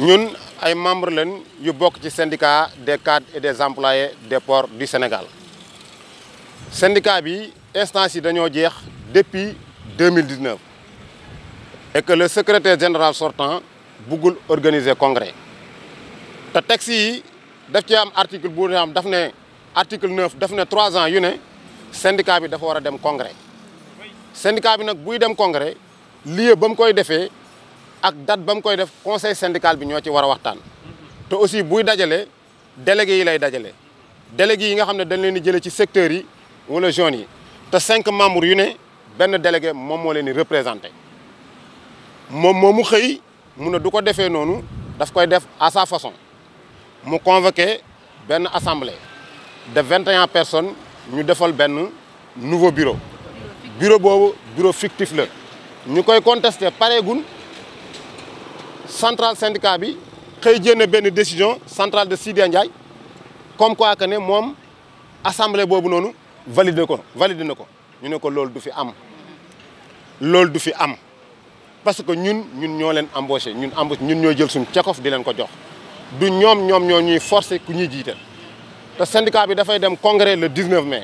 ñun ay membres leen yu bokk ci syndicat des cadres et des employés des ports du Sénégal syndicat bi instance yi dañoo jeex depuis 2019 et que le secrétaire général sortant buggul organiser congrès te texte yi daf ci am article bu am daf ne article 9 daf ne 3 ans yu ne syndicat bi dafa war a dem congrès syndicat bi nag buy dem congrès lieu ba mu koy defee ak date ba mu koy def conseil syndical bi ñoo ci war a waxtaan te aussi buy dajale délégué yi lay dajale délégué yi nga xam ne dañ leen di jëlee ci secteur yi wala zones yi te cinq membres yu ne benn délégué moom moo leen di représenté moom moo mu xëy mu ne du ko defee noonu daf koy def à sa façon mu convoqué benn assemblée de vingt et un personnes ñu defal benn nouveau bureau bureau boobu bureau fictif la ñu koy contesté pareegun central syndicat bi xëy jénn benn décision central de Sidya Ndiaye comme quoi que ne moom assemblée boobu noonu validé ko validé na ko ñu ne ko loolu du fi am loolu du fi am parce que ñun ñun ñoo leen embauché ñun embauché ñun ñoo jël suñ cekof di leen ko jox du ñoom ñoom ñoo ñuy forcé ku ñuy jiital te syndicat bi dafay dem congrès le 19 mai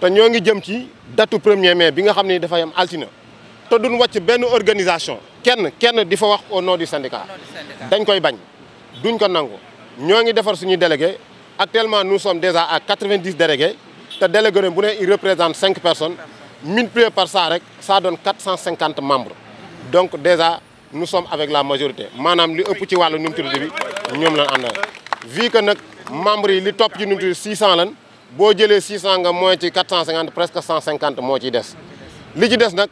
te ñoo ngi jëm ci datu premier mais bi nga xam ne dafay am altina te duñ wàcc benn organisation kenn kenn di fa wax au no du syndicat dañ koy bañ duñ ko nangu ñoo ngi defar suñuy délégué actuellement nous sommes déjà à 90 délégués te délégué bu ne il représente cinq personnes multiplié par ça rek ça donne 450 membres donc déjà nous sommes avec la majorité maanaam li ëpp ci wàll wàllu numtudi bi ñoom na àndal vu que nag membres yi li topp ci numtudi 600 lan boo jëlee 600 nga mooy ci 450 presque 150 moo ciy des li ci des nag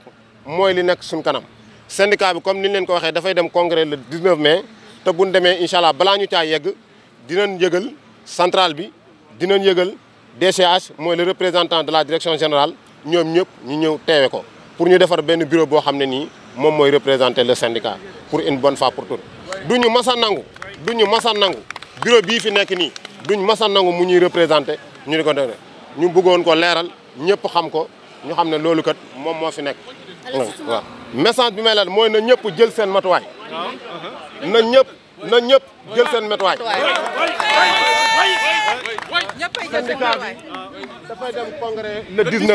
mooy li nekk suñ kanam syndicat bi comme ni ñu leen ko waxee dafay dem congrès le 19 mai te buñ demee incha allah balaa ñu caa yegg dinañ yëgal central bi dinañ yëgal DCH mooy le représentant de la direction général ñoom ñëpp ñu ñëw teewe ko pour ñu defar benn bureau boo xam ne nii moom mooy représenter le syndicat pour une bonne fois pour toutes du ñu masa nangu du ñu masa nangu bureau bii fi nekk nii duñ masa nangu mu ñuy représenter ñu di ko doon ñu buggoon ko leeral ñépp xam ko ñu xam ne loolu kat moom moo fi nekk. waaw message bi may leeral mooy na ñëpp jël seen matuwaay. na ñëpp ñëpp jël seen matuwaay. syndicat bi dafay dem congrès le 19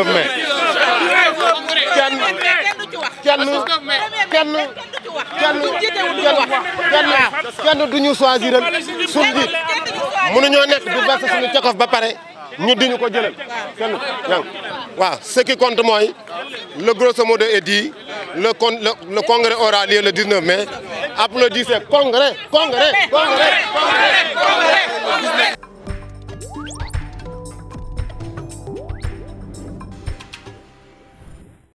kenn kenn kenn kenn kenn kenn du ñu choisiral suñ nekk du verser suñu cokof ba pare. ñu diñu ko jëlal kenn ñang waaw ce qui compte le grosso modo est dit le con le congrès aura lieu le 19 mai applaudissez congrès congrès